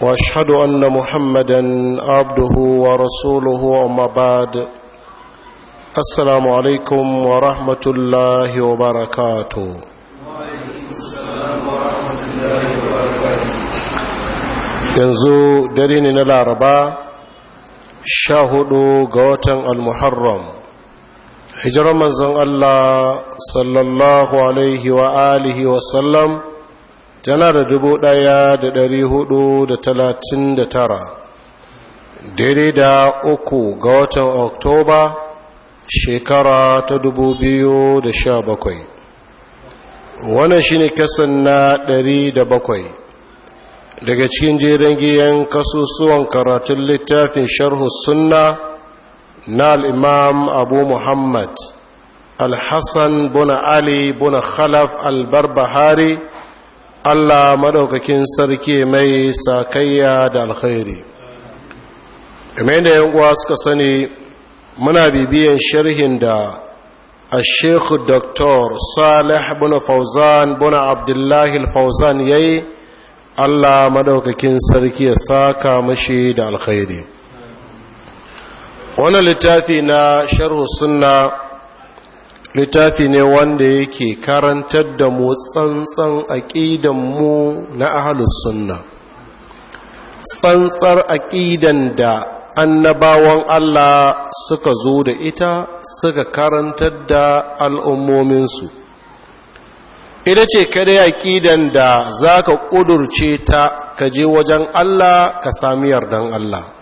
واشهد ان محمدا عبده ورسوله اما بعد السلام عليكم ورحمه الله وبركاته yanzu dare ne na laraba sha hudu ga watan almuharram hijirar manzon allah sallallahu alaihi wa alihi wasallam yana da dubu ɗaya da dari hudu da talatin da tara daidai da uku ga watan oktoba shekara ta dubu biyu da sha bakwai wannan shi ne kasan na ɗari da bakwai daga cikin jerin giyan kasusuwan karatun littafin sharhu sunna na al'imam abu muhammad al-hassan buna ali buna khalaf al-barbahari Allah maɗaukakin sarki mai sakayya da alkhairi kamar da yan uwa suka sani muna bibiyan sharhin da الشيخ الدكتور صالح بن فوزان بن عبد الله الفوزان يي الله مدوككين سركي ساكا mashi da alkhairi wannan littafi na sharhu sunna littafi ne wanda yake karantar da mu tsantsan aƙidan mu na ahalus sunna tsantsar aƙidan da annabawan Allah suka zo da ita suka karantar da al'ummominsu ita ce kada aƙidan da za ka ƙudurce ta ka je wajen Allah ka sami yardan Allah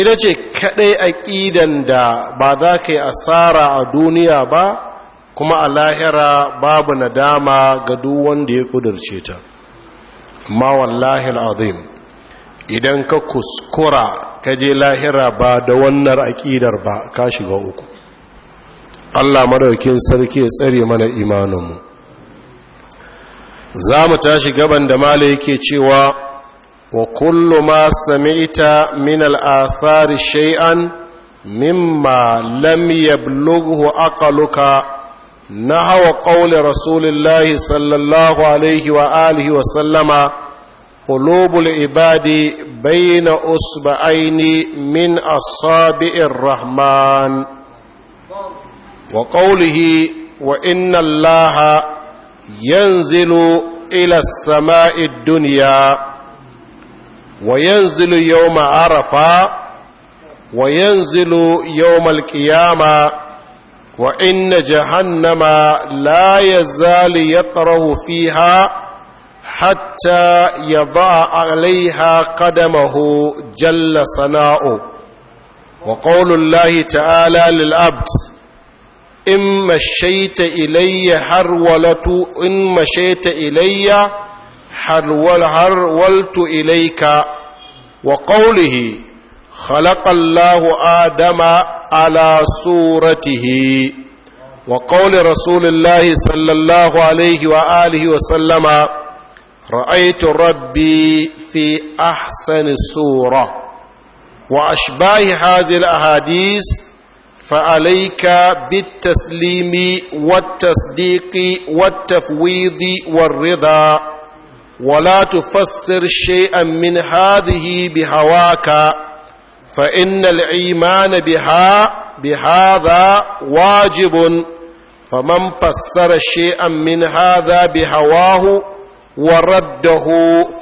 ita ce kaɗai aƙidan da ba za ka yi asara a duniya ba kuma a lahira babu nadama ga duk wanda ya ƙudurce ta ma wallahi al'azim idan ka kuskura ka je lahira ba da wannan aƙidar ba ka shiga uku allah maraukin sarki ya tsare mana imaninmu za mu tashi gaban da mala yake cewa وكل ما سمعت من الآثار شيئا مما لم يبلغه أقلك نحو قول رسول الله صلى الله عليه وآله وسلم قلوب العباد بين أصبعين من أصابع الرحمن وقوله وإن الله ينزل إلى السماء الدنيا wa yanzilu yawma arafa wa yanzilu yawmal qiyama wa inna jahannama la yazalu yaqrahu fiha حتى يضع عليها قدمه جل صناؤه وقول الله تعالى للعبد إن مشيت إلي in إن مشيت إلي halwal harwaltu ilaika wa qawlihi خلق الله آدم على صورته وقول رسول الله صلى الله عليه وآله وسلم رأيت ربي في أحسن صورة وأشباه هذه الأحاديث فعليك بالتسليم والتصديق والتفويض والرضا ولا تفسر شيئا من هذه بهواك فإن الإيمان بها بهذا واجب فمن فسر شيئا من هذا بهواه ورده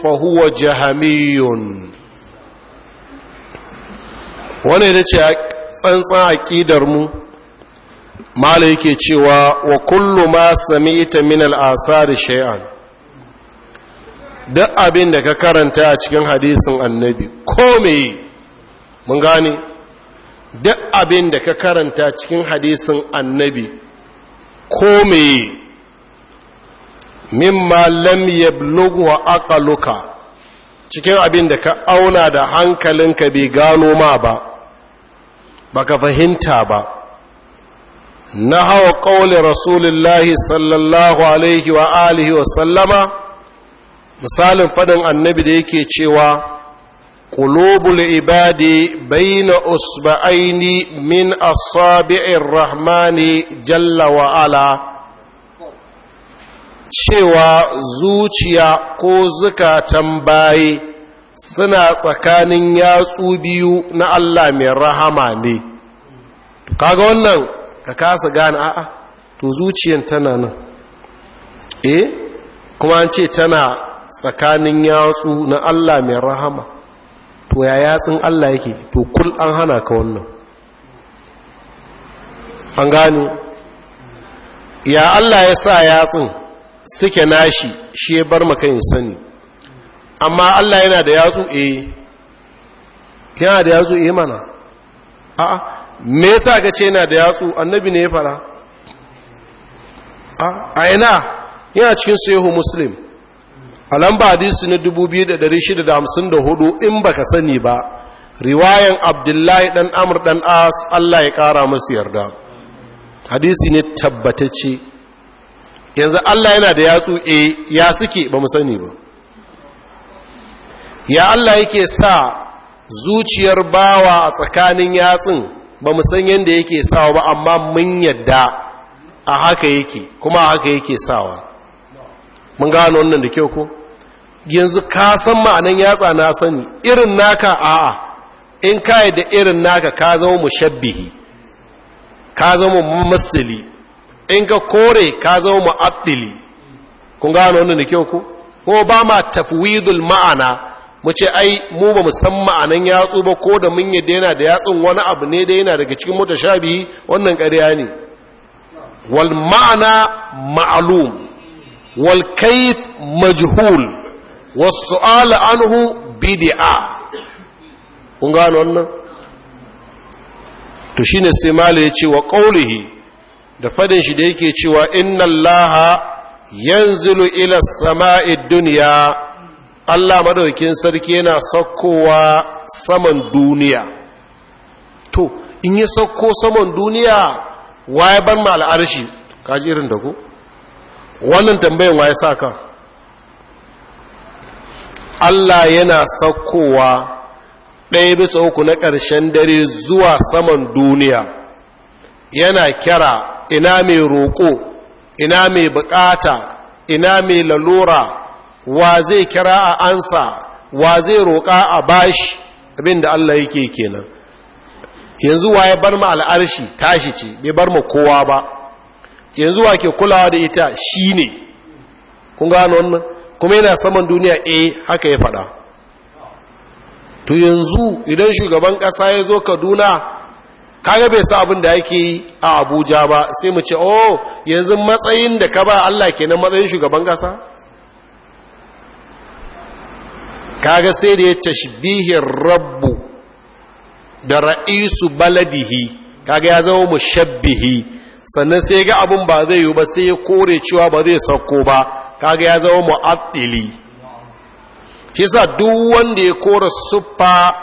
فهو جهمي wani da ce tsantsan aƙidar mu mala yake cewa wa kullu ma sami ita min al'asari shay'an duk abin da ka karanta a cikin hadisin annabi ko meye mun gane duk abin da ka karanta cikin hadisin annabi ko meye mimma lam wa aqaluka cikin abin da ka auna da hankalinka bai gano ma ba baka fahimta ba na hawa ƙaunar rasulullahi sallallahu alaihi wa alihi wa sallama misalin fadin annabi da yake cewa qulubul ibadi baina usba'aini min asabi'ir rahmani jalla wa ala cewa zuciya ko zukatan baye suna tsakanin yatsu biyu na Allah mai rahama ne kaga wannan ka kasa gane a'a to zuciyan tana nan eh kuma an ce tana tsakanin yatsu na Allah mai rahama to ya yatsun Allah yake to kul an hana ka wannan an gane ya Allah ya sa yatsun suke nashi shi ya bar maka yin sani amma Allah yana da yatsu eh yana da yatsu eh mana a'a me yasa ka ce yana da yatsu annabi ne ya fara a ina yana cikin sahihu muslim a lamba hadisi na 2654 in baka sani ba riwayan abdullahi dan amur dan as Allah ya kara masu yarda hadisi ne tabbatacce yanzu Allah yana da yatsu e ya suke ba mu sani ba ya Allah yake sa zuciyar bawa a tsakanin yatsun ba mu san yadda yake sawa ba amma mun yadda a haka yake kuma haka yake sawa mun gano wannan da kyau ko yanzu ka san ma'anan yatsa na sani irin naka a'a in ka yi da irin naka ka zama mushabbihi ka zama mumassili in ka kore ka zama mu'attili kun gano wannan da kyau ko ko ba ma tafwidul ma'ana mu ce ai mu ba san ma'anan yatsu ba ko da mun yadda yana da yatsun wani abu ne da yana daga cikin mota shabihi wannan ƙarya ne wal ma'ana ma'alum wal kaif majhul wasu ala anhu bid'a kun gano wannan to shine sai mala ya ce wa da fadin shi da yake cewa inna allaha yanzilu ila samai dunya Allah madaukin sarki yana saukowa saman duniya to in ya sauko saman duniya waye ban ma al'arshi kaji irin da ku wannan tambayin waye saka Allah yana saukowa ɗaya bisa uku na ƙarshen dare zuwa saman duniya yana kira ina mai roƙo ina mai buƙata ina mai lalura wa zai kira a ansa wa zai roƙa a bashi abinda Allah yake kenan yanzu wa ya bar ma al'arshi tashi ce bai bar ma kowa ba yanzu wa ke kulawa da ita shi ne kun gano kuma yana saman duniya A eh, haka ya faɗa to yanzu idan shugaban ƙasa ya zo kaduna kaga bai sa abin da yake yi a abuja ba sai mu ce oh yanzu matsayin da ka ba allah kenan matsayin shugaban ƙasa kaga sai da ya tashbihin rabbu da ra'isu baladihi kaga ya zama mushabbihi sannan sai ga abin ba zai yi ba sai ya kore cewa ba zai sauko ba kaga ya zama mu'addili shi sa duk wanda ya kora suffa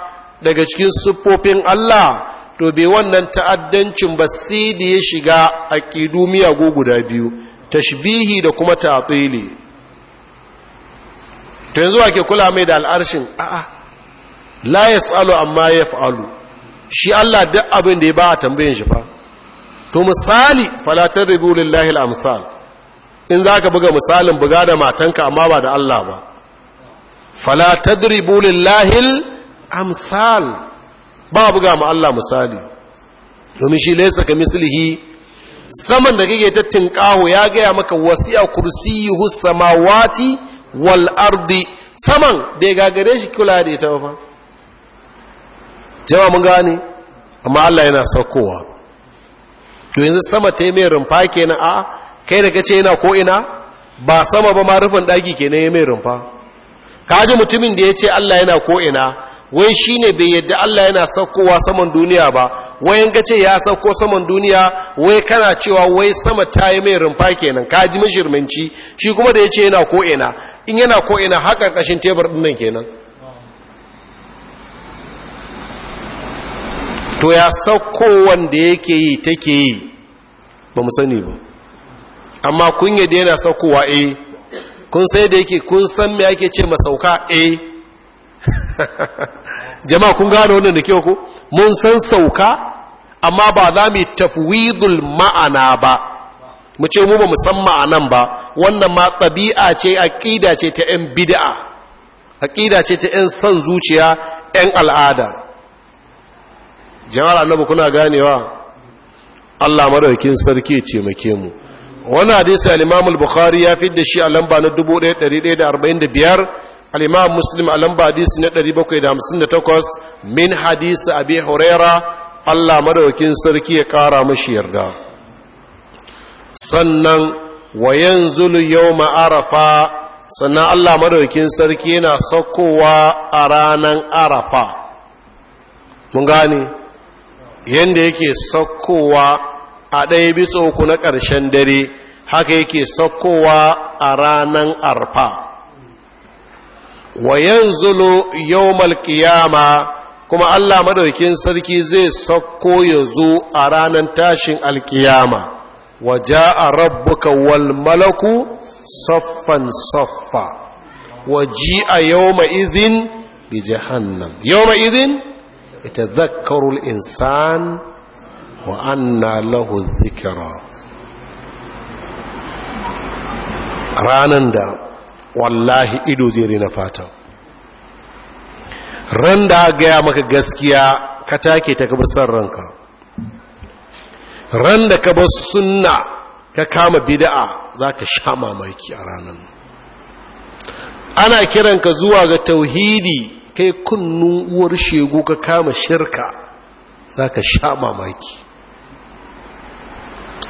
daga cikin siffofin Allah to bai wannan ta'addancin ba sai da ya shiga aqidu go guda biyu tashbihi da kuma ta'tili to yanzu ake kula mai da al'arshin a'a la yasalu amma yaf'alu shi Allah duk abin da ya ba a tambayin shi fa to misali falatar ribu lillahi al-amsal in za ka buga misalin buga da matanka amma ba da Allah ba fala tadribu lillahi amsal ba buga ma Allah misali domin shi laysa ka mislihi saman da kake ta tinkaho ya gaya maka wasi'a kursiyuhu samawati wal ardi saman bai gare shi kula da ita ba jama mun gane amma Allah yana saukowa to yanzu sama ta yi mai rumfa kenan a kai da gace yana ko ina ba sama ba ma rufin daki kenan ya mai rumfa kaji mutumin da ya ce Allah yana ko ina wai ne bai yadda Allah yana saukowa saman duniya ba wayan gace ya sauko saman duniya wai kana cewa wai sama ta yi mai rumfa kenan ka ji mashirminci shi kuma da ya ce yana ko ina in yana ko ina haka kashin tebur ɗin nan kenan to ya sauko wanda yake yi take yi ba mu sani ba amma kunya da yana saukowa e, kun sai da yake kun san me ake ce masauka e eh. jama'a kun gano wannan da kyau ku mun san sauka amma ba za mu tafwidul ma'ana ba mu ce mu ba mu san ma'anan ba wannan ma tabi'a ce aqida ce ta yan bid'a aqida ce ta yan san zuciya yan al'ada jama'ar annabi kuna ganewa Allah madaukakin sarki ya taimake mu wani hadisi al-imam al-bukhari ya fi da shi a lamba na 1145 al-imam muslim a lamba hadisi na 758 min hadisi abi huraira Allah madaukin sarki ya kara mashi yarda sannan wa yanzulu yawma arafa sannan Allah madaukin sarki yana saukowa a ranan arafa mun gane yanda yake saukowa a ɗaya bisa uku na ƙarshen dare haka yake saukowa a ranar arfa wa yanzulu yau malkiyama kuma Allah madaukin sarki zai sauko ya zo a ranar tashin alkiyama wa a rabbuka wal malaku saffan saffa wa a yau ma'izin bi jahannam yau ma'izin ita zakarul insan wa anna lahu zikira ranan da wallahi ido zai na fata ran da gaya maka gaskiya ka take ta kabar san ranka ran da ka bar sunna ka kama bida'a za ka sha mamaki a ranan ana kiranka zuwa ga tauhidi kai kunnun uwar shegu ka kama shirka za ka sha mamaki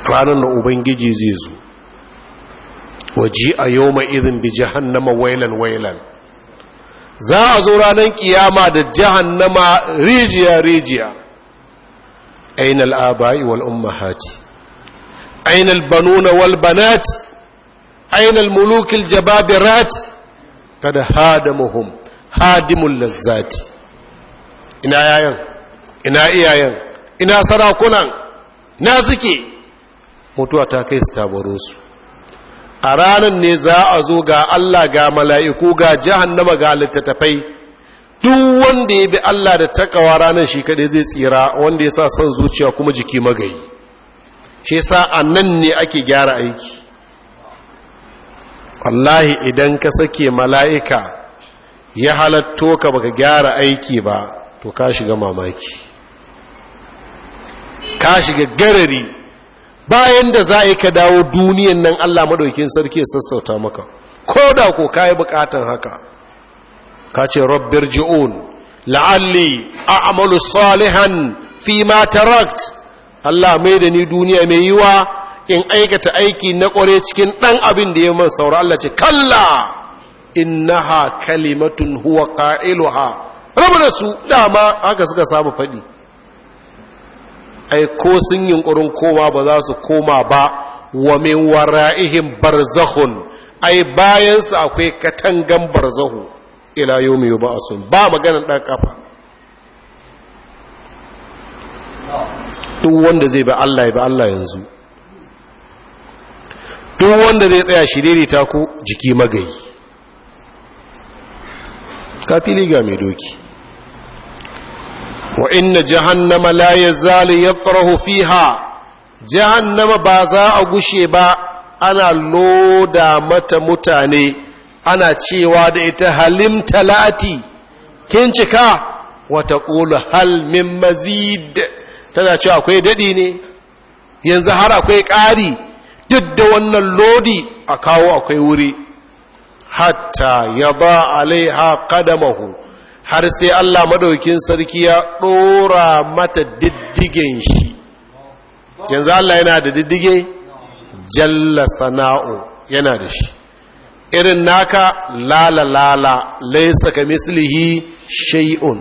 ranar da ubangiji zai zo waje a yau mai izin bi jahannama wailan wailan za a zo ranar kiyama da jahannama rijiya rijiya ainihin al'abai wal ummahati ainihin banuna wal banati ainihin mulukil jababirati kada hadamuhum hadimun lazzati ina yayan ina iyayen ina sarakunan na suke mutuwa ta kai su ta su a ranar ne za a zo ga Allah ga mala'iku ga jahannama ga littattafai duk wanda ya bi Allah da takawa ranar shi kaɗai zai tsira wanda ya sa son zuciya kuma jiki magayi shi sa a nan ne ake gyara aiki wallahi idan ka sake mala'ika ya halatto ka baka gyara aiki ba to ka shiga mamaki ka shiga garari bayan da za a ka dawo duniyan nan Allah maɗaukin sarki ya sassauta maka ko da ko ka yi bukatan haka ka ce rabbir ji'un la'alli a a'malu salihan fi ma tarakt Allah mai da ni duniya mai yiwa in aikata aiki na ƙware cikin ɗan abin da ya man saura Allah ce kalla innaha kalimatun huwa ha? rabu da su dama haka suka saba faɗi ai ko sun yunkurin koma ba za su koma ba wa min wara'ihim barzakhun ai bayan su akwai katangan barzahu ila yawmi yub'asun ba maganar dan kafa duk wanda zai ba Allah ya ba Allah yanzu duk wanda zai tsaya shi ta ku jiki magayi kafili ga mai doki wa inna jahannama la ya yatrahu fiha jahannama ba za a gushe ba ana loda mata mutane ana cewa da ita halim talati kin cika wata ƙulu hal min mazid tana cewa akwai daɗi ne yanzu har akwai ƙari duk da wannan lodi a kawo akwai wuri hatta ya ba alaiha ƙadamahu har sai Allah madaukin sarki ya ɗora mata diddigen shi yanzu Allah yana da diddige jalla Sana'u yana da shi irin naka lala lala laisa ka mislihi shay'un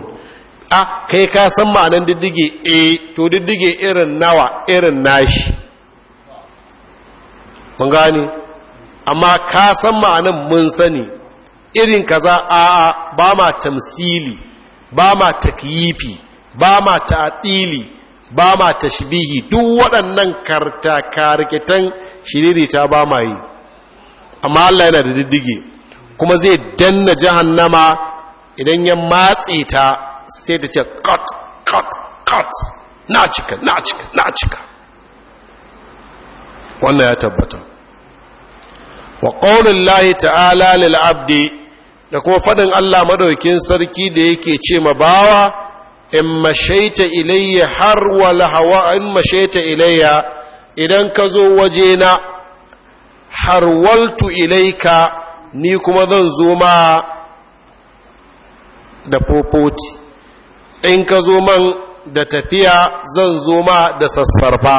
a kai ka san ma'anan diddige e to diddige irin nawa irin nashi mun gane amma ka san ma'anan mun sani irin kaza a ba ma tamsili ba ma takyifi ba ma ta'atili ba ma tashbihi duk waɗannan karta shiriri ta ba ma yi amma Allah yana da diddige kuma zai danna jahannama idan ya matse ta sai ta ce cut cut cut na cika na cika na cika wannan ya tabbata wa ƙaunin lahi ta'ala lil'abdi da kuma faɗin Allah madaukin sarki da yake ce ma bawa in mashaita ilayya har wala hawa in mashaita ilayya idan ka zo wajena harwaltu ilaika ni kuma zan zo ma da popoti in ka zo man da tafiya zan zo ma da sassarfa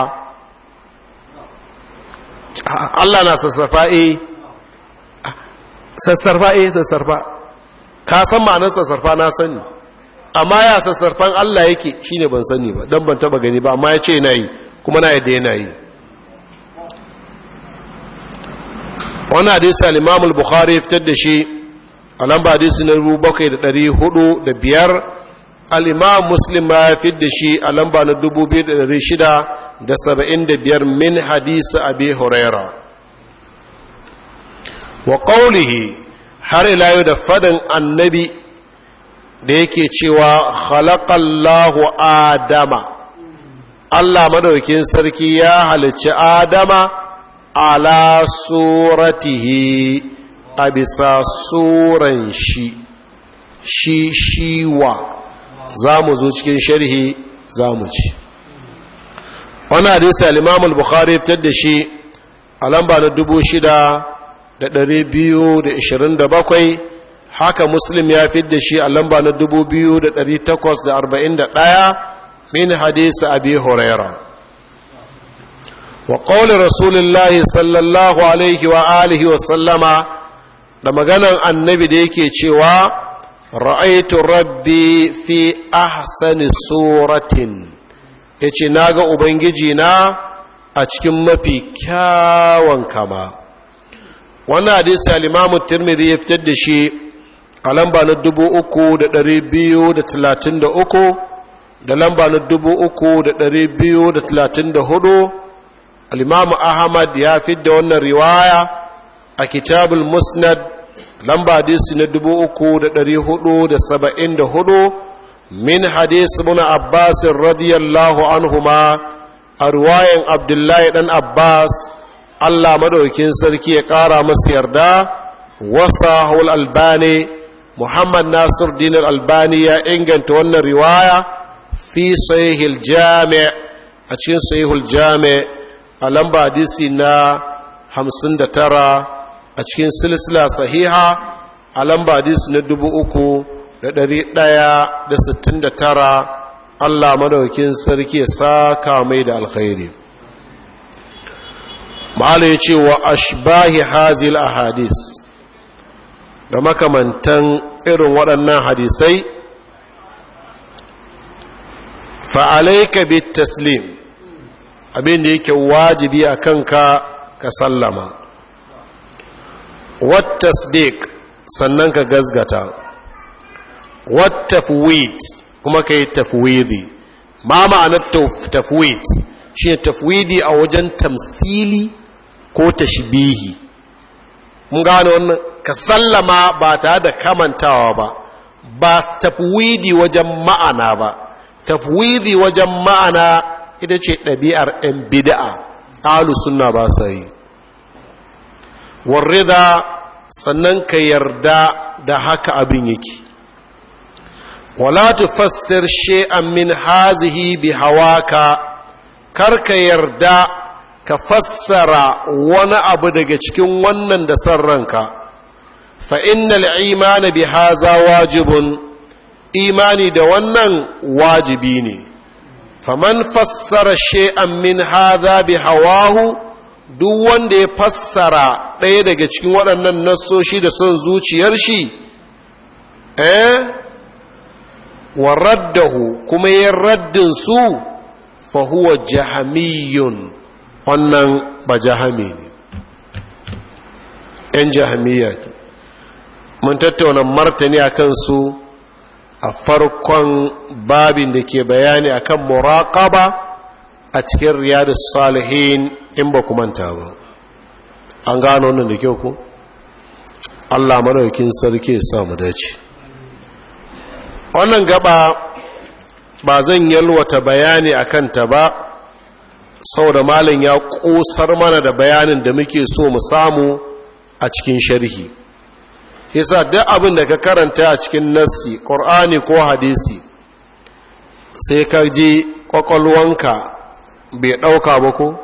Allah na sassarfa eh sassarfa eh sassarfa ka san ma'anar sassarfa na sani amma ya sassarfan Allah yake shine ban sani ba dan ban taba gani ba amma ya ce nayi kuma na yadda yana yi wannan hadisi al-Imam al-Bukhari fitar da shi a lamba hadisi na 7405 al-Imam Muslim ma ya fitar da shi a lamba na 2675 min hadisi Abi Hurairah wa qawlihi har ila yau da fadin annabi da yake cewa khalaqallahu adama Allah madaukin sarki ya halicci adama ala suratihi a bisa suran shi shi shiwa za mu zo cikin sharhi za mu ci wani hadisa al-imam al-bukhari fitar da shi a lamba na dubu shida da ɗari haka muslim ya fi da shi a lamba na dubu biyu da min hadisa abi huraira wa ƙaunar rasulullahi sallallahu alaihi wa alihi wa sallama da maganan annabi da yake cewa ra'aitu rabbi fi ahsani suratin ya ce na ga ubangiji na a cikin mafi kyawun kama wannan hadisi alimamu tirmidhi ya fitar da shi a lamba na dubu uku da biyu da da da talatin uku lamba na dubu uku da da biyu talatin da hudu alimamu ahmad ya fidda da wannan riwaya a kitabul musnad lamba hadisi na dubu uku da da da hudu saba'in hudu min hadisi muna abbas radiyallahu anhuma a ruwayan abdullahi dan abbas Allah madaukin sarki ya ƙara masa yarda wasa haul albani muhammad nasir dinar albani ya inganta wannan riwaya fi sahihul jami' a cikin sahihul jami' a lamba hadisi na 59 a cikin silsila sahiha a lamba hadisi na 3169 Allah madaukin sarki ya saka mai da alkhairi ma'ala ya ce wa ashbahi hazil hadis da makamantan irin waɗannan hadisai fa'alaika bi taslim abin da yake wajibi a kanka ka sallama wata sdik sannan ka gazgata wata fuwit kuma ka yi tafwidi ma ma'anar tafwid shi ne tafwidi a wajen tamsili ko ta tashbihi mun gano wannan ka sallama ba ta da kamantawa ba ba tafwidi wajen ma'ana ba tafwidi wajen ma'ana ita ce ɗabi'ar ɗan bida'a ahlus sunna ba sa yi warida sannan ka yarda da haka abin yake wala tufassir shay'an min hazihi bi hawaka karka yarda ka fassara wani abu daga cikin wannan da san ranka fa innal imani bi haza wajibun imani da wannan wajibi ne faman fassara shay'an min haza bi hawahu duk wanda ya fassara ɗaya daga cikin waɗannan nassoshi da son zuciyar shi eh wa raddahu kuma ya raddin su fa huwa jahamiyun wannan ba jahami ne yan jahamiya mun tattauna martani a kansu a farkon babin da ke bayani akan muraƙaba a cikin riyadus salihin in ba manta ba an gano wannan da kyau ku Allah madaukakin sarki ya sa dace wannan gaba ba zan yalwata bayani a kanta ba saboda malam ya ƙosar mana da bayanin da muke so mu samu a cikin sharhi yasa duk abin da ka karanta a cikin nasi ƙur'ani ko hadisi sai ka je ƙwaƙwalwanka bai ɗauka ba ko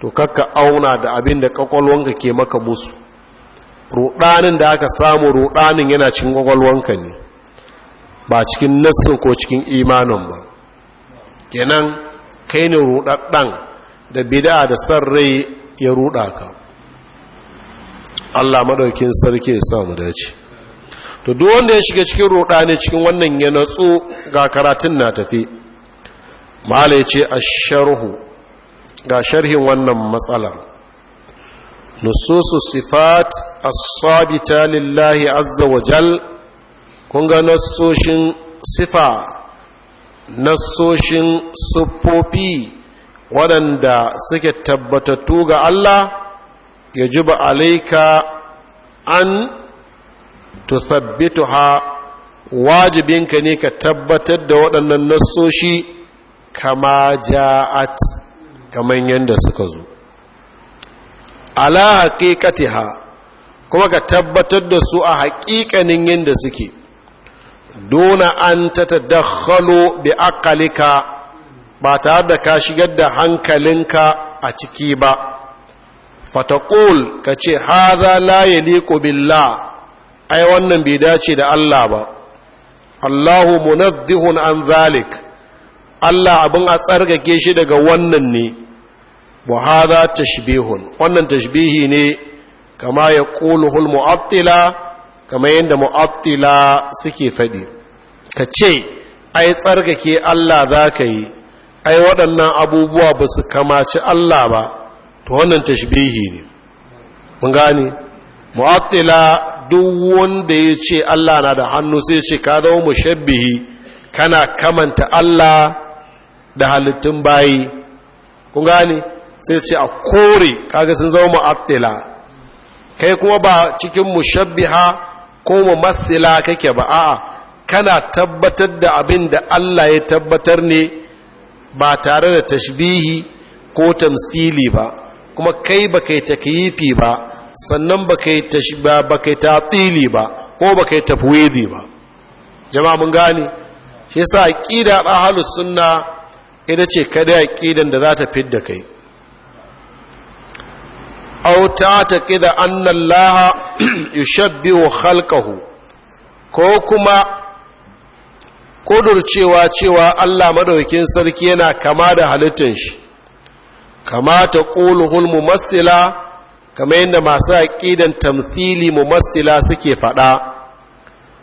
to kakka auna da abin da ƙwaƙwalwanka ke maka musu ruɗanin da aka samu ruɗanin yana cikin ƙwaƙwalwanka ne ba cikin nassin ko cikin imanin ba kenan kai ne rudaddan da bid'a da san rai ya ruda ka Allah madaukin sarki ya sa dace to duk wanda ya shiga cikin ruda ne cikin wannan ya natsu ga karatun na tafi mala ya ce asharhu ga sharhin wannan matsalar nususu sifat as-sabita lillahi azza wa jal kun ga nasoshin sifa Nasoshin siffofi waɗanda suke tabbatattu ga Allah ya ji ba alaika an ha, wajibinka ne ka tabbatar da waɗannan nasoshi kama ja'at kamar yadda suka zo ala ha, kuma ka tabbatar da su a haƙiƙanin yadda suke dona an ta tadakhalo bi akalika, ba tare da ka shigar da hankalinka a ciki ba fataqul ka ce haza la yaliqu billah ai wannan bai dace da Allah ba Allahu munaddihun an zalik Allah abin a tsarkake shi daga wannan ne wa haza tashbihun wannan tashbihi ne kama ya quluhu al-mu'attila kamar yadda mu'attila suke faɗi ka ce ai tsarkake Allah za ka yi ai waɗannan abubuwa ba su kamaci Allah ba to wannan tashbihi ne mun gane mu'attila duk wanda ya ce Allah na da hannu sai ce ka mu mushabbihi kana kamanta Allah da halittun bayi kun gane sai ce a kore kaga sun zama mu'attila kai kuma ba cikin mushabbiha ko mumathila kake ba a'a kana tabbatar da abin da Allah ya tabbatar ne ba tare da tashbihi ko tamsili ba kuma kai ba kai takyifi ba sannan ba kai tashba ba kai tatili ba ko ba kai tafwidi ba jama'a mun gane shi yasa aqida ahlus sunna ita ce kada aqidan da za ta fidda kai aw ta'taqida anna Allah yushabbihu khalqahu ko kuma kudurcewa cewa Allah madaukakin sarki yana kama da halittar shi kama ta quluhul mumassila kama yadda masu aqidan tamthili mumassila suke faɗa,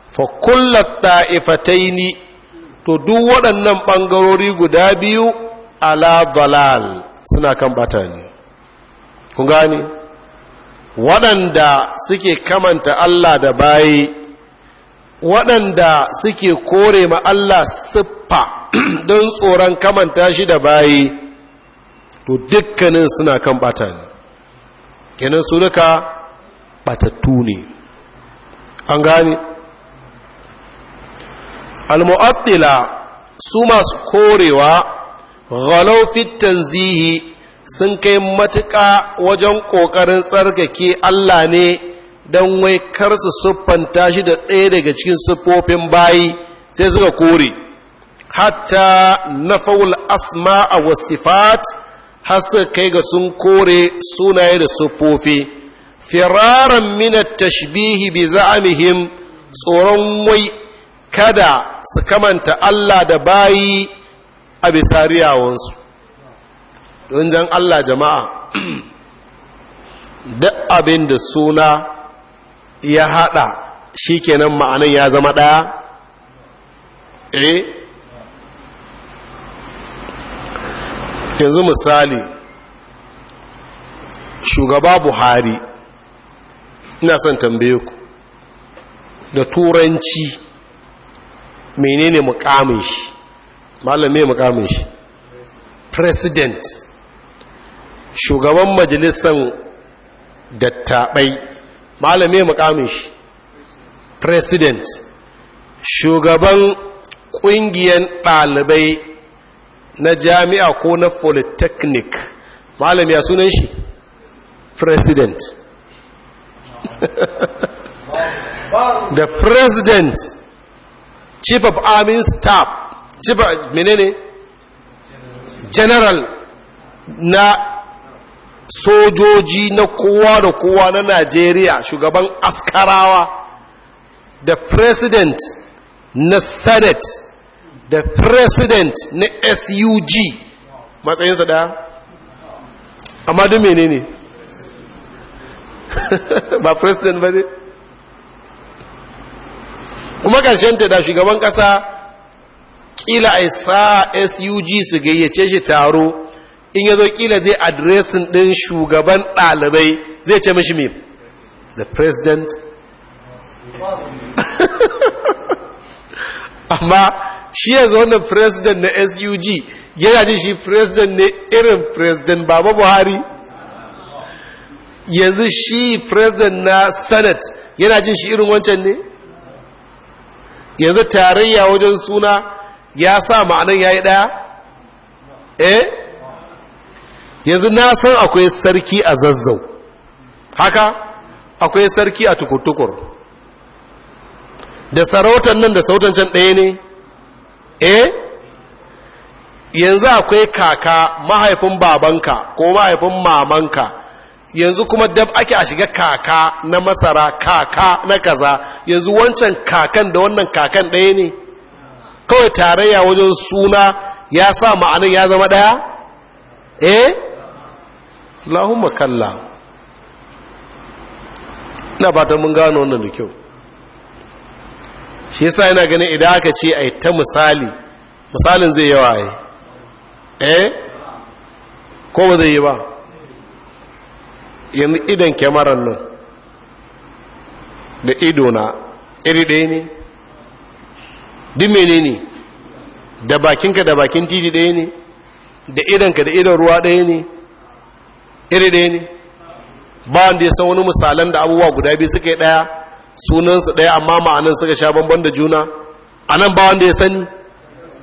fa kullat ta'ifataini to duk waɗannan ɓangarori guda biyu ala dalal suna kan bata ku gani waɗanda suke kamanta Allah da bayi waɗanda suke kore ma Allah siffa don tsoron kamanta shi da bayi to dukkanin suna kan ɓata ne kenan su duka ɓatattu ne an gani al-mu'attila su masu korewa ghalau fit tanzihi sun kai matuƙa wajen ƙoƙarin tsarkake Allah ne don wai kar su siffanta shi da ɗaya daga cikin siffofin bayi sai suka kore hatta na faul asma a wasifat har suka kai ga sun kore sunaye da siffofi firaran mina tashbihi bi za'amihim tsoron wai kada su kamanta Allah da bayi a bisariyawansu don jan allah jama'a duk abin da suna ya haɗa shi kenan ma'anin ya zama ɗaya eh yanzu misali shugaba buhari ina son tambaye ku da turanci menene mukamin shi malamin mukamin shi president shugaban majalisan dattabai malamai mukamin shi president shugaban ƙungiyar ɗalibai na jami'a ko na polytechnic malami ya sunan shi president the president chief of army staff chief of, menene general na sojoji na kowa da kowa na najeriya shugaban askarawa da president na senate da president na sug matsayinsa daya amma duk ne ba president ba ne kuma ta da shugaban ƙasa ƙila a sa sug su gayyace shi taro in ya zo kila zai adresin ɗin shugaban ɗalibai zai ce mashi mai the president amma shi ya zo na president na sug yana jin shi president ne irin president baba buhari yanzu shi president na senate yana jin shi irin wancan ne yanzu tarayya wajen suna ya sa ma'anan ya yi ɗaya eh yanzu na san akwai sarki a zazzau haka akwai sarki a tukurtukur da sarautan nan da sautan can ɗaya ne eh yanzu akwai kaka mahaifin babanka ko mahaifin mamanka yanzu kuma dab ake a shiga kaka na masara kaka na kaza yanzu wancan kakan da wannan kakan ɗaya ne kawai tarayya wajen suna ya sa ma'anin ya zama ɗaya eh Allahumma kalla ina ba ta mun gano wannan da kyau shi yasa yana ganin idan aka ce a ta misali misalin zai yawa yi eh ko ba zai yi ba yanzu idan kyamarar nan da ido na iri ɗaya ne duk mene ne da bakinka da bakin titi ɗaya ne da idanka da idan ruwa ɗaya ne iri ɗaya ne ba wanda ya san wani misalan da abubuwa guda biyu suka yi ɗaya sunansu ɗaya amma ma'anan suka sha bamban da juna a nan ba wanda ya sani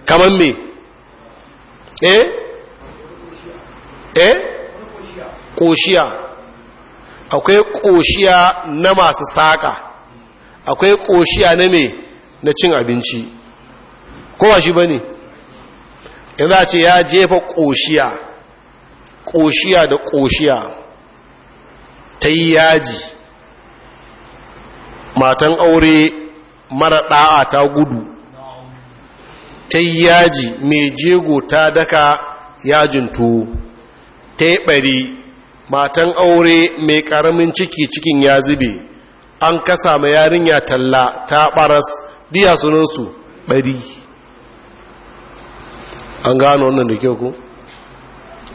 kamar me eh eh ƙoshiya akwai ƙoshiya na masu saƙa akwai ƙoshiya na me na cin abinci kowa shi ba ne yanzu a ce ya jefa ƙoshiya ƙoshiya da ƙoshiya ta yi yaji matan aure mara ɗa'a ta gudu ta yi yaji mai jego ta daka yajin tuwo ta yi ɓari matan aure mai ƙaramin ciki cikin ya zube an kasa ma yarinya talla ta ɓaras diya sunansu ɓari an gano wannan da kyau ku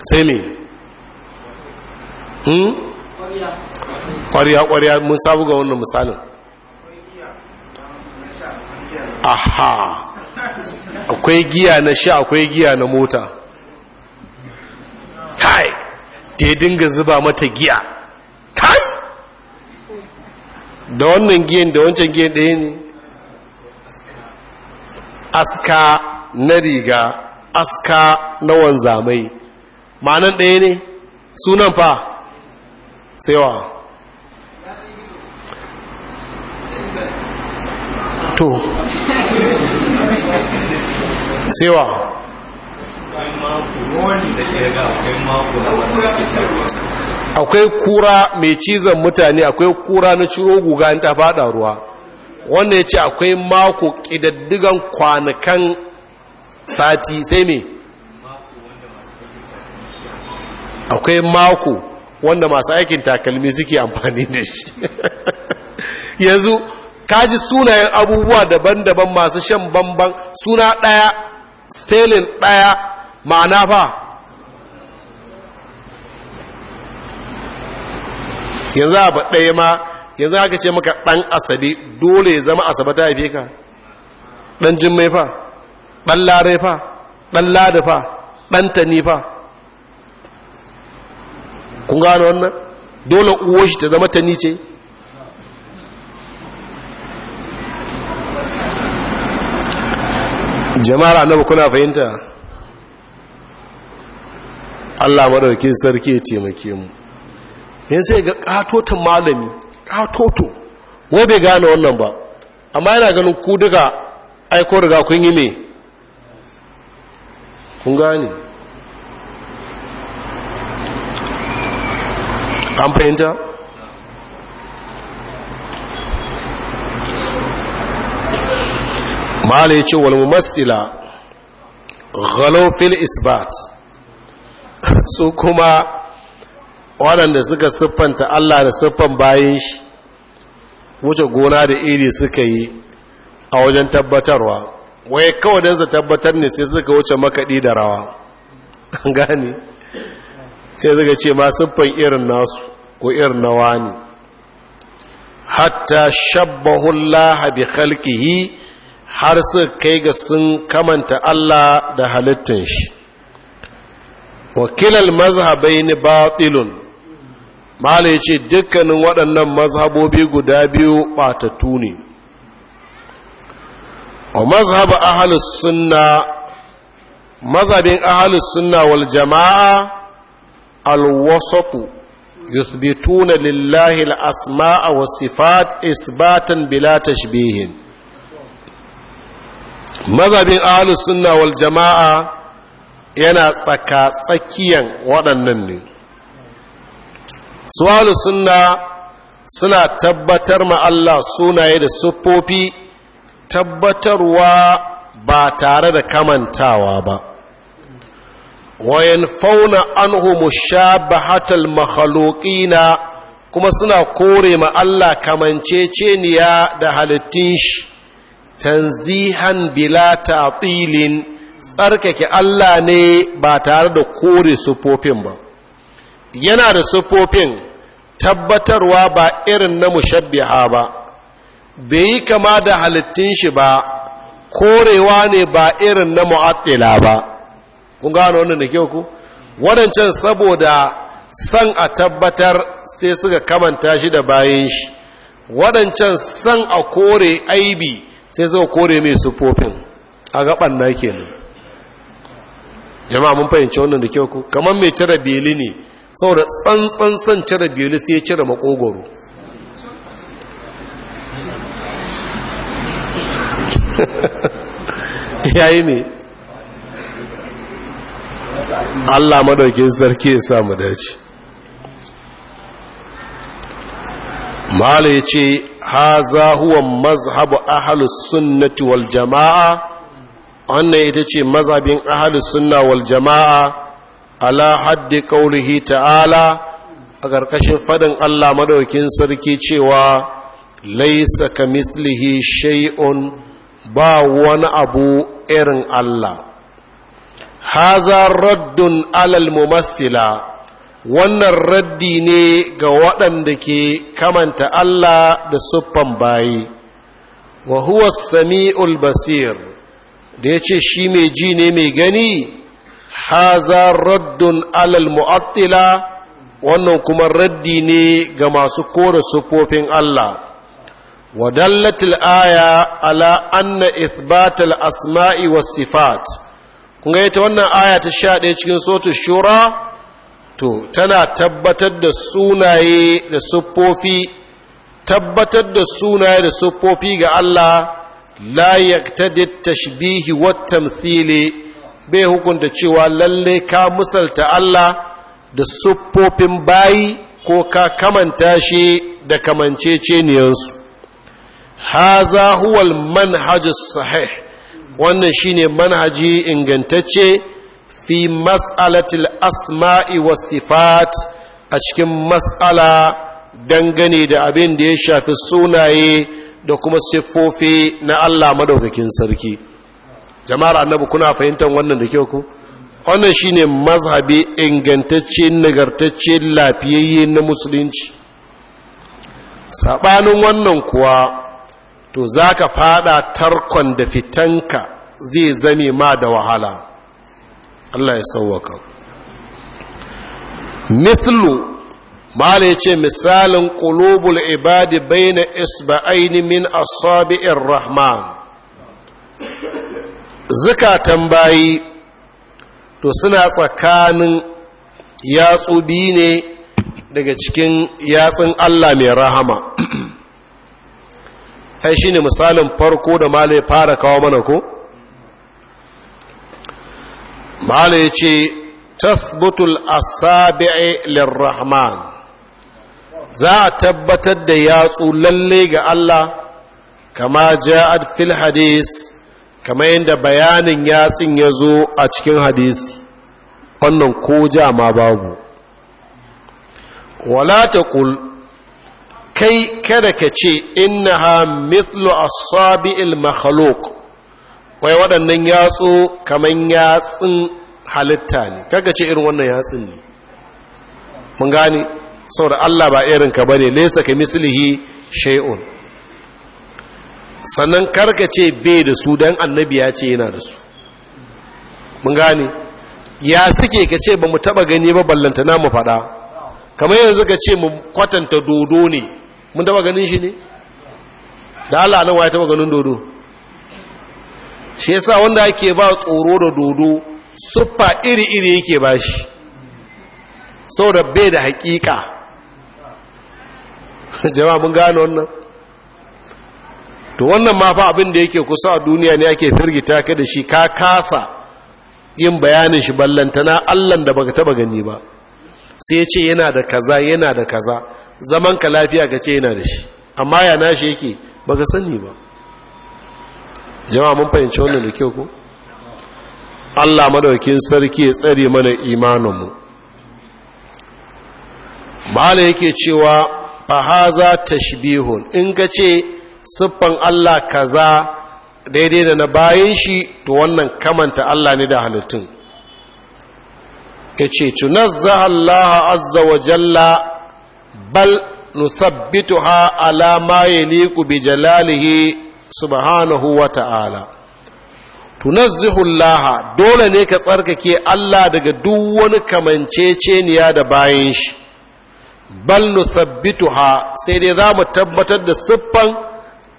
sai mai ƙwariya-ƙwariya hmm? mun sabu ga wannan misalin aha akwai giya na sha akwai giya na mota kai da ya dinga zuba mata giya kai da wannan giyan da wancan giyan ɗaya ne aska na riga aska na wanzamai ma'anan ɗaya ne sunan fa sai to akwai kura mai cizon mutane akwai kura na ciro guga in ta fada ruwa wanda ya ce akwai mako ƙidaddigan kwanakan sati sai me akwai mako wanda masu aikin takalmi suke amfani da shi yanzu kaji sunayen abubuwa daban-daban masu shan bamban suna ɗaya stelin ɗaya ma'ana fa yanzu abu ɗaya ma yanzu aka ce maka ɗan asabe dole ya zama asabe ta haife ka ɗan mai fa ɗan lare fa ɗan lada fa ɗan tani fa kun gano wannan dole uwo shi ta zama ta nice jama'ar annabi kuna fahimta Allah madaukin sarki ya taimake mu yin sai ga katotin malami katoto wai bai gane wannan ba amma yana ganin ku duka aiko riga kun yi me kun gane an fahimta mahala ya ce walmumassila ghalofil isbat su kuma waɗanda suka siffanta allah da siffan bayan shi wuce gona da iri suka yi a wajen tabbatarwa waye kawai don su tabbatar ne sai suka wuce makaɗi da rawa gani sai suka ce ma siffan irin nasu ko irin na wani hatta shabbahullaha bi khalqihi har su kai ga sun kamanta Allah da halittin shi wakilal mazhabai ni batilun malai ce dukkanin waɗannan mazhabobi guda biyu ɓatattu ne a mazhab ahalus sunna mazhabin ahalus sunna wal jama'a al-wasatu yuthbituna lillahi al-asma'a was sifat isbatan bila tashbihin mazhabin ahlus sunna wal jama'a yana tsaka tsakiyan waɗannan ne su ahlus sunna suna tabbatar ma Allah sunaye da siffofi tabbatarwa ba tare da kamantawa ba wayan fauna anhu mushabahatal makhluqina kuma suna kore ma Allah kamanceceniya da halittun shi tanzihan bila ta'tilin tsarkake Allah ne ba tare da kore sufofin ba yana da sufofin tabbatarwa ba irin na mushabbiha ba bai yi kama da halittun shi ba korewa ne ba irin na mu'attila ba kun gano wannan da kyau ku wadancan saboda san a tabbatar sai suka kamanta shi da bayan shi wadancan san a kore aibi sai suka kore mai sufofin a gaban na kenan jama'a mun fahimci wannan da kyau ku kamar mai cire beli ne saboda tsantsan san cire beli sai ya cire makogoro yayi ne Allah madaukin sarki ya sa mu dace mala ha za huwa mazhabu ahlus sunnati wal jamaa wannan ita ce mazhabin ahlus sunna wal jamaa ala haddi qaulihi ta'ala a ƙarƙashin fadin Allah madaukin sarki cewa laisa kamislihi shay'un ba wani abu irin Allah haza raddun alal mumassila wannan raddi ne ga waɗanda ke kamanta Allah da siffan bayi wa huwa sami'ul basir da ya ce shi mai ji ne mai gani haza raddun alal mu'attila wannan kuma raddi ne ga masu kore sufofin Allah wa aya ala anna ithbatal asma'i Wasifat. sifat kun ga ita wannan aya ta sha ɗaya cikin sotu shura to tana tabbatar da sunaye da siffofi tabbatar da sunaye da siffofi ga Allah la yaqtadi tashbihi wa tamthili bai hukunta cewa lalle ka misalta Allah da siffofin bayi ko ka kamanta shi da kamanceceniyansu haza huwal manhajus sahih wannan shine manhaji ingantacce fi mas'alatil asma'i was sifat a cikin mas'ala dangane da abin da ya shafi sunaye da kuma siffofi na Allah madaukakin sarki jama'ar annabi kuna fahimtar wannan da kyau ku wannan shine mazhabi ingantacce nagartacce lafiyayye na musulunci sabanin wannan kuwa to za ka fada tarkon da fitanka zai zame ma da wahala Allah ya sauwaka mithlu mala ya ce misalin ƙulubul ibadi baina isba'aini min asabi'ir rahman zukatan bayi to suna tsakanin yatsu biyu ne daga cikin yatsun Allah mai rahama ai ne misalin farko da male fara kawo mana ko male ya ce tasbutul asabi'i lirrahman za a tabbatar da yatsu lalle ga Allah kama ja'ad fil hadis kama yadda bayanin yatsin ya zo a cikin Hadis wannan ko ja ma babu wala taqul kai kada ka ce innaha mithlu asabi'il ilmakhaluk wai waɗannan yatsu kamar yatsun halitta ne kaga ce irin wannan yatsun ne mun gane saboda Allah ba irin ka bane laysa ka mislihi shay'un sannan karka ce bai da su dan annabi ya ce yana da su mun gane ya suke ka ce ba mu taba gani ba na mu fada kamar yanzu ka ce mu kwatanta dodo ne mun taba ganin shi ne da Allah nan waye taba ganin dodo shi yasa wanda ake ba tsoro da dodo suffa iri-iri yake ba shi saboda bai da hakika jama'a mun gane wannan to wannan ma fa abin da yake kusa a duniya ne ake firgita ka da shi ka kasa yin bayanin shi ballantana allan da baka taba gani ba sai ya ce yana da kaza yana da kaza zaman ka lafiya ka ce yana da shi amma ya nashi yake ba ga sani ba jama'a mun fahimci wannan da kyau ko Allah madaukin sarki ya tsare mana imaninmu mala yake cewa fa haza tashbihun in ka ce siffan Allah kaza daidai da na bayan shi to wannan kamanta Allah ne da halittun yace tunazzaha Allah azza wa jalla bal nusabbituha ala ma yaliqu bi jalalihi subhanahu wa ta'ala tunazzihu Allah dole ne ka tsarkake Allah daga duk wani kamanceceniya da bayan shi bal nusabbituha sai dai za mu tabbatar da siffan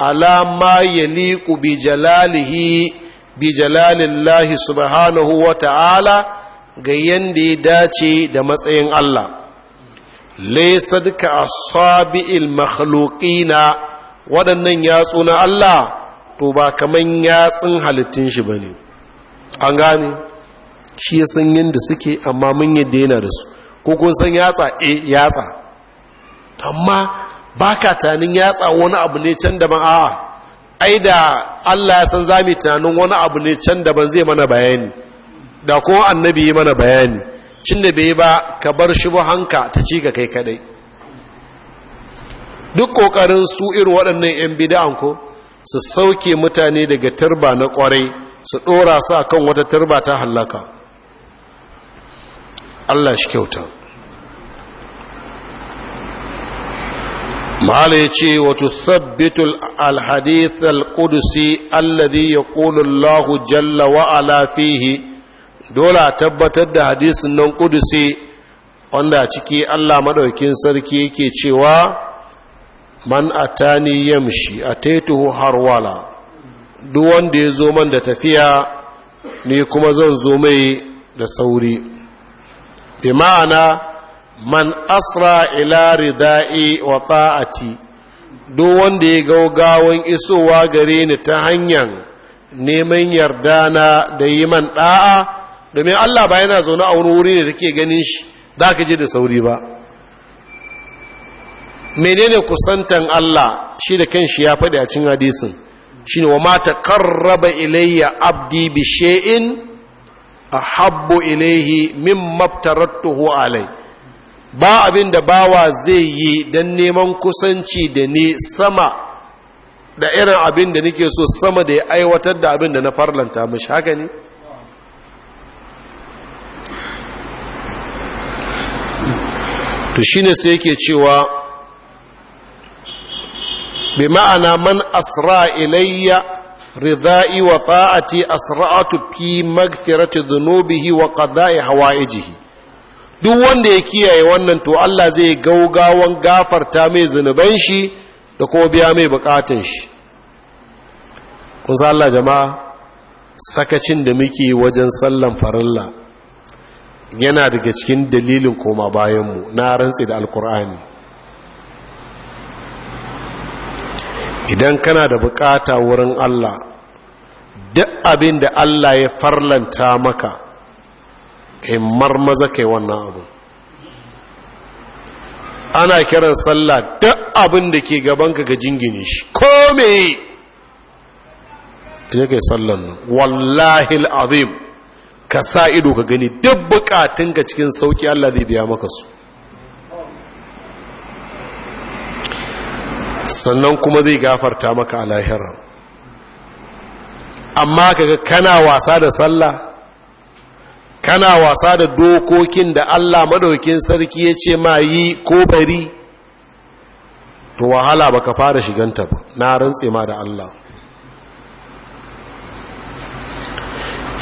ala ma yaliqu bi jalalihi subhanahu wa ta'ala ga yanda ya dace da matsayin Allah laysa duka Sabi'il makhluqina waɗannan yatsu na Allah to ba kaman yatsun halittun shi ne. an gane shi ya san yadda suke amma mun yadda yana da su ko kun san yatsa e yatsa amma baka tunanin yatsa wani abu ne can daban a'a ai da Allah ya san zami tunanin wani abu ne can daban zai mana bayani da kuma annabi yi mana bayani cin da bai ba ka bar shi hanka ta ci ga kai kadai duk kokarin su irin waɗannan 'yan bida'an ko su sauke mutane daga turba na ƙwarai, su ɗora su a kan wata turba ta hallaka allah shi kyauta ma'ala ya ce wato sabbitul alhadith al-qudusi ya ƙulun allah jalla wa ala fihi dole a tabbatar da hadisin nan kudusi wanda ciki Allah maɗaukin sarki yake cewa man atani yamshi ataituhu harwala duk wanda ya zo man da tafiya ni kuma zan zo mai da sauri bi ma'ana man asra ila rida'i wa ta'ati duk wanda ya gaugawan isowa gare ni ta hanyar neman yarda na da yi man da'a domin Allah ba yana zaune a wani wuri ne da ke ganin shi za ka je da sauri ba menene kusantan Allah shi da shi ya faɗi a cin hadisin shine wa mata karraba ilayya abdi bi ilaihi min ilayhi mimma aftaratuhu alai ba abin da bawa zai yi don neman kusanci da ni sama da irin abin da nake so sama da ya aiwatar da abin da na farlanta mashi. haka ne to shine sai yake cewa bi ma'ana man asra ilayya ridai wa ta'ati asra'atu fi magfirati dhunubihi wa qada'i hawaijihi duk wanda ya kiyaye wannan to Allah zai gaugawan gafarta mai zunuban shi da ko biya mai bukatun shi kun Allah jama'a sakacin da muke wajen sallan farilla yana daga cikin dalilin koma bayanmu na rantsi da alkur'ani idan kana da bukata wurin allah duk abin da allah ya farlanta maka in marmaza kai wannan abu ana kiran sallah duk abin da ke gabanka ga jingine shi ko me ya kai sallan nan wallahi al'azim ka sa ido ka gani duk bukatun ka cikin sauki Allah zai biya maka su sannan kuma zai gafarta maka a lahira amma kaga kana wasa da sallah kana wasa da dokokin da Allah madaukin sarki ya ce ma yi ko bari to wahala baka fara shiganta ba na rantse ma da Allah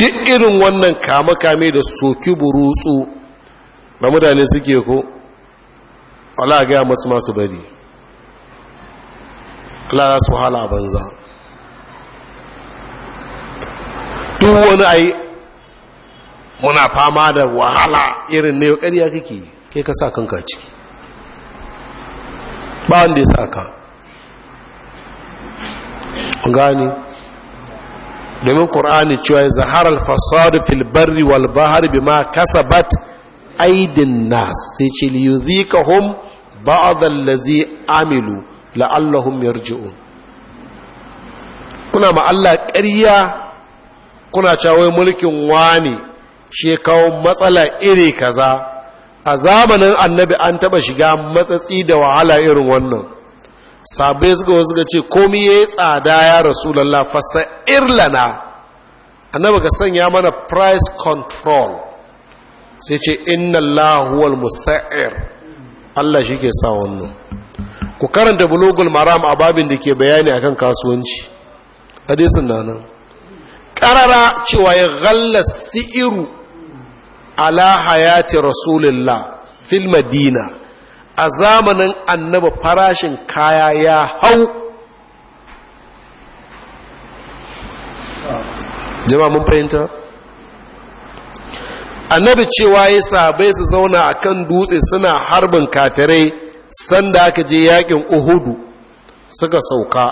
duk irin wannan kame-kame da soki burutsu na mutane suke ko Allah gaya masu masu bari Allah su hala banza duk wani ai muna fama da wahala irin ne ƙarya kake ke ka sa kanka ciki ba wanda ya sa ka gani domin ƙur'ani cewa zaharar fasadu fil barri wal bahar bima kasabat aidin nas sai ce liyuzikahum ba'd allazi amilu la'allahum ji'un. kuna ma Allah ƙarya kuna cewa mulkin wani shi kawo matsala iri kaza a zamanin annabi an taɓa shiga matsatsi da wahala irin wannan sabai suka wasu ga ce komi ya yi tsada ya rasulallah fasa irlana annaba ka sanya mana price control sai ce inna lahuwal musa'ir allah shi ke sa wannan ku karanta bulogul maram a babin da ke bayani akan kasuwanci hadisun na nan Karara cewa ya galla si'iru ala hayati rasulillah fil madina a zamanin annaba farashin kaya ya hau jama'a mun fahimta annabi cewa ya sabai su zauna a kan dutse suna harbin kafirai sanda aka je yakin uhudu suka sauka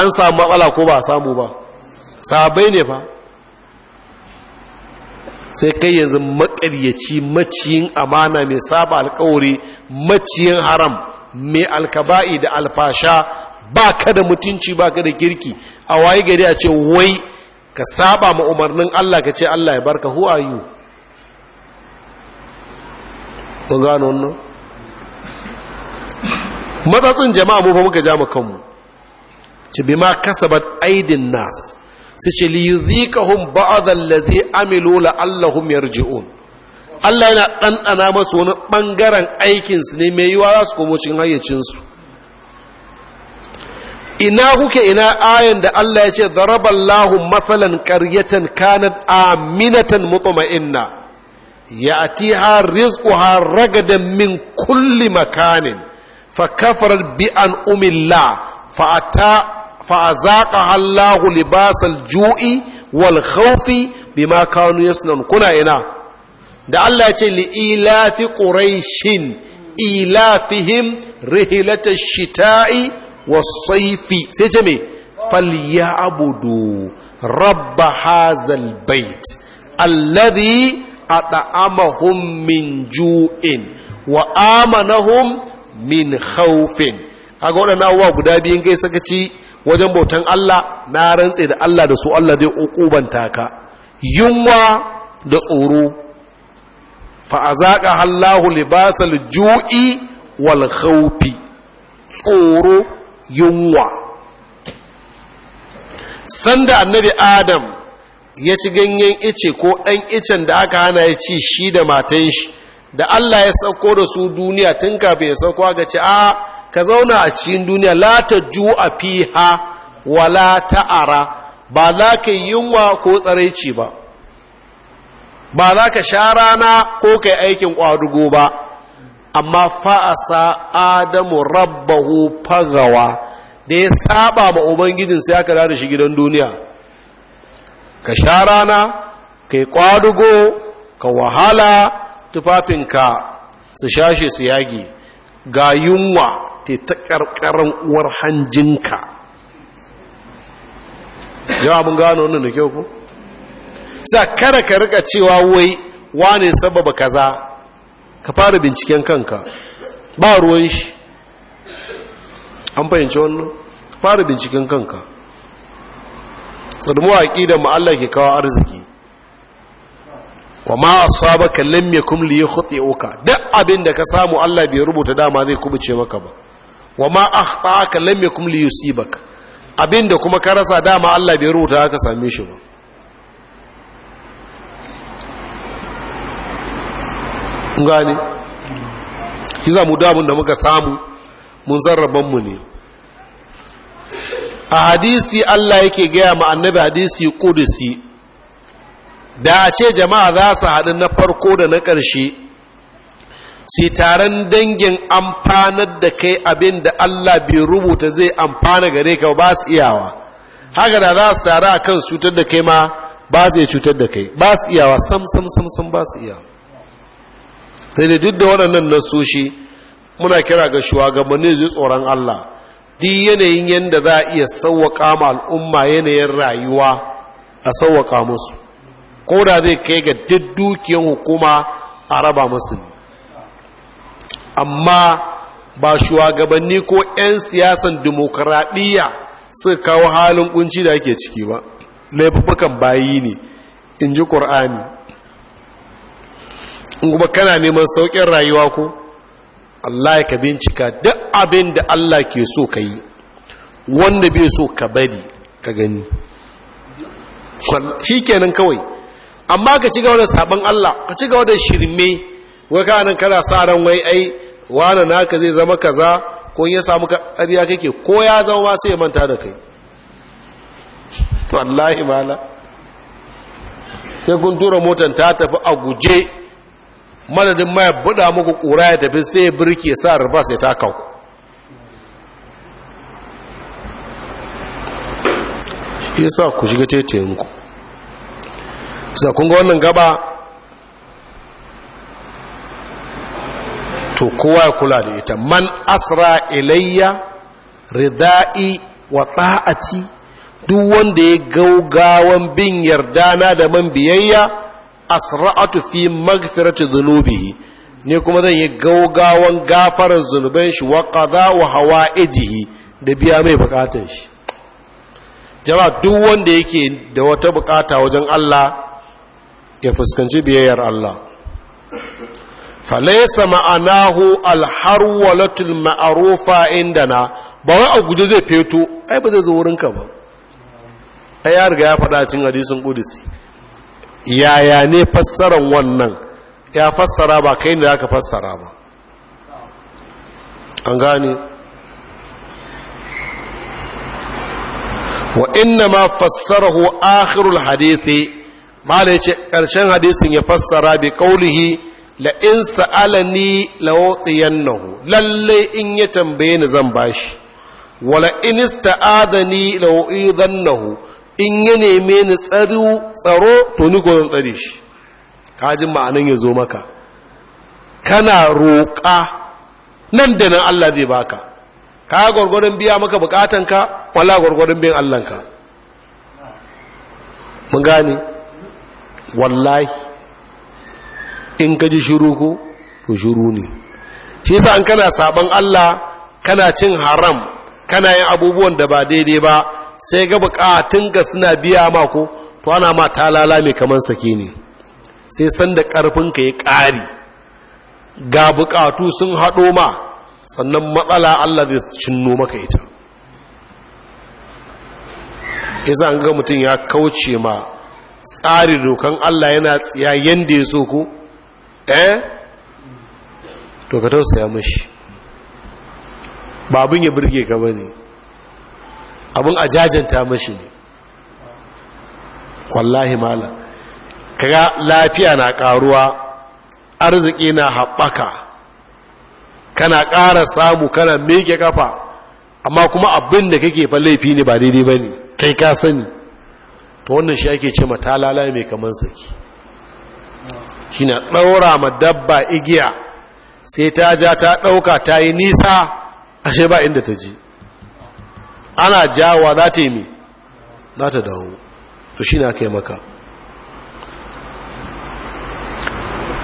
an samu matsala ko ba samu ba sabai ne fa sai kai yanzu makaryaci maciyin amana mai saba alkawari maciyin haram mai alkaba'i da alfasha ba ka da mutunci ba ka da kirki a waye gari a ce wai ka saba ma umarnin Allah ka ce Allah ya barka who are you kun gano wannan matsatsin jama'a mu fa muka ja mu kanmu ci ma kasabat aidin nas su ce li yuzikahum ba'd allazi amilu la'allahum yarji'un Allah yana ɗanɗana masu wani ɓangaren aikinsu ne mai yiwa za su komo cikin hayyacinsu ina kuke ina ayan da Allah ya ce daraballahu matsalan karyatan kanat aminatan mutma'inna ya'tiha rizquha ragadan min kulli makanin fa kafarat bi an umilla fa ata fa azaqa Allahu libasal ju'i wal khawfi bima kanu kuna ina da Allah ya ce li ilafi quraishin ilafihim rihlatash shita'i was-sayfi sai ce me falyabudu Rabba hazal bait alladhi at'amahum min ju'in wa amanahum min khawfin kaga waɗannan abubuwa guda biyun gaisa sakaci wajen bautan Allah na rantse da Allah da su Allah zai ukubanta ka yunwa da tsoro fa azaka Allahu libasal ju'i wal khawfi tsoro yunwa sanda annabi Adam ya ci ganyen ice ko ɗan icen da aka hana ya ci shi da matan shi da Allah ya sauko da su duniya tun kafin ya sauko ga ce a ah, ka zauna a cikin duniya la ta ju'a fiha wala ara ba za ka yunwa ko tsaraici ba ba za ka sha rana ko kai aikin kwadugo ba amma fa'asa adamu rabbahu fagawa da ya saba ma ubangijin sai aka da shi gidan duniya ka sha rana kai kwadugo ka wahala tufafinka su shashe su yage ga yunwa te ta ƙarƙaran uwar hanjinka jawabin gano wannan da kyau ku sa kada ka rika cewa wai wane sababa kaza ka fara binciken kanka ba ruwan shi an fahimci wannan ka fara binciken kanka tsadmuwa aƙidan ma'alla ke kawo arziki wa ma asabaka lam yakum li oka duk abin da ka samu Allah bai rubuta dama zai kubuce maka ba wa ma akhtaka lamme kuma liyu sibak abinda kuma ka rasa dama Allah bai rubuta haka same shi ba gani shi za mu damun da muka samu mun zarrabanmu ne a hadisi Allah yake gaya ma annabi hadisi kudusi da a ce jama'a za su haɗu na farko da na ƙarshe sai taron dangin amfanar da kai abin da Allah bai rubuta zai amfana gare ka ba su iyawa haka da za su tara a kan cutar da kai ma ba su iya cutar da kai ba su iyawa sam sam sam sam ba su iyawa sai da duk da waɗannan nasoshi muna kira ga shugabanni zai tsoron Allah duk yanayin yadda za a iya sauwaƙa ma al'umma yanayin rayuwa a sauwaƙa musu ko da zai kai ga duk dukiyan hukuma a raba musu ne amma ba shugabanni ko 'yan siyasan demokuraɗiyya su kawo halin kunci da ake ciki ba laifukan bayi ne in ji ƙur'ani in kuma kana neman sauƙin rayuwa ko Allah ka bincika duk abin da Allah ke so ka yi wanda bai so ka bari ka gani shi kenan kawai amma ka ci gaba da sabon Allah ka ci gaba da shirme wai ka sa ran wai ai wane naka zai zama kaza ko ya samu ƙarya kake ko ya zama ba sai manta da kai wallahi mala sai kun tura motar ta tafi a guje madadin maya buɗa muku ƙura ya tafi sai ya sa rufa sai ta Ya sa ku shiga taitayenku sa kun ga wannan gaba to kowa ya kula da ita man asra ilayya rida'i wa ta'ati duk wanda ya gaugawan bin yarda na da man biyayya asra'atu fi magfirati dhunubihi ne kuma zan yi gaugawan gafarar zunuban shi wa qada wa hawaijihi da biya mai bukatun shi jama'a duk wanda yake da wata bukata wajen Allah ya fuskanci biyayyar Allah falaisa ma'anahu alharwalatul ma'arufa indana ba wai a guje zai feto ai ba zai zo wurinka ba ai ya riga ya faɗa cin hadisin kudusi yaya ne fassaran wannan ya fassara ba kai ne aka fassara ba an gane wa inna ma fassarahu akhirul hadithi mala yace ƙarshen hadisin ya fassara bi qawlihi la in sa'alani la utiyannahu lalle in ya tambaye ni zan bashi wala in ista'adani la uidannahu in ya neme ni tsaro tsaro to ni ko zan tsare shi Ka ji ma'anan ya zo maka kana roƙa nan da nan Allah zai baka ka gwargwaron biya maka ka wala gwargwaron biyan ka mun gane wallahi in ka ji shiru ko ku shiru ne shi yasa an kana saban Allah kana cin haram kana yin abubuwan da ba daidai ba sai ga bukatun ka suna biya ma ko to ana ma talala mai kaman sake ne sai sanda da karfin ka ya ƙari ga bukatu sun haɗo ma sannan matsala Allah zai cinno maka ita yasa an ga mutum ya kauce ma tsari dokan Allah yana tsiya yanda ya so ko eh to ka tausaya mashi ba abin ya birge ka ba ne abin a jajanta mashi ne wallahi mala kaga lafiya na karuwa arziki na haɓaka kana ƙara samu kana meke kafa amma kuma abin da kake fa laifi ne ba daidai ba ne kai ka sani to wannan shi ake ce matalala mai kamar saki kina ɗaura ma dabba igiya sai ta ja ta ɗauka ta yi nisa ashe ba inda ta ji ana jawa za ta yi mi za ta dawo to shi na kai maka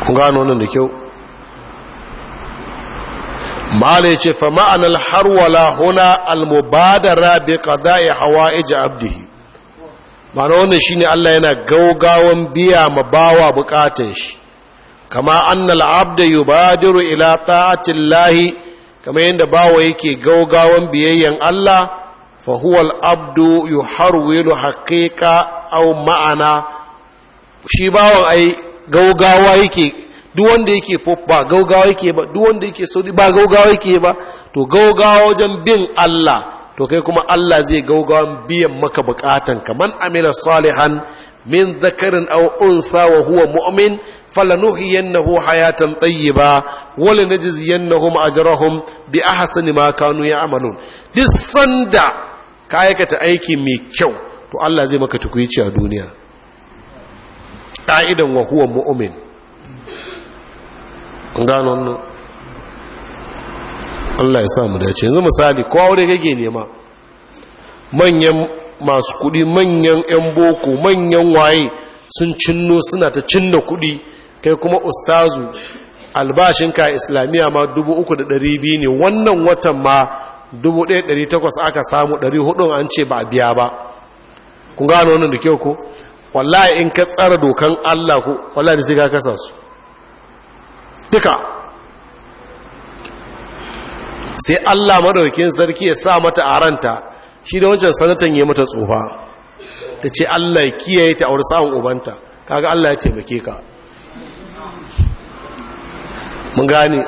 kun gano wannan da kyau ma'ala ya ce fa ma'anar harwala huna almubadara bai kada ya hawa iji abdihi ma'ana wannan shi ne allah yana gaugawan biya ma bawa bukatan shi kama annal abda yubadiru ila ta'atillahi kama yadda bawa yake gaugawan biyayyen Allah fa huwa al-abdu yuharwilu haqiqa aw ma'ana shi bawan ai gaugawa yake duk wanda yake ba gaugawa yake ba duk wanda yake sauri ba gaugawa yake ba to gaugawa wajen bin Allah to kai kuma Allah zai gaugawan biyan maka bukatan kaman amila salihan min zakarin aw unsa wa huwa mu'min falanuhiyannahu hayatan tayyiba wa lanajziyannahum ajrahum bi ahsani ma kanu ya'malun duk sanda ka aikata aiki mai kyau to Allah zai maka tukuici a duniya Ta'idan wa huwa mu'min gano Allah ya sa mu dace yanzu misali kowa wani gage nema manyan masu kudi manyan 'yan boko manyan waye sun cinno suna ta cinna kudi kai kuma ustazu albashinka islamiyya ma 3,200 ne wannan watan ma 1,800 aka samu 400 an ce ba a biya ba kun gano wannan da kyau ko wallahi in ka tsara dokan Allah ko wallahi da ka kasa su duka sai Allah madaukin sarki ya sa mata aranta shi da wancan sanatan ya mata tsufa ta ce allah kiyaye ta auri sa'an ubanta kaga allah ya taimake ka mun gane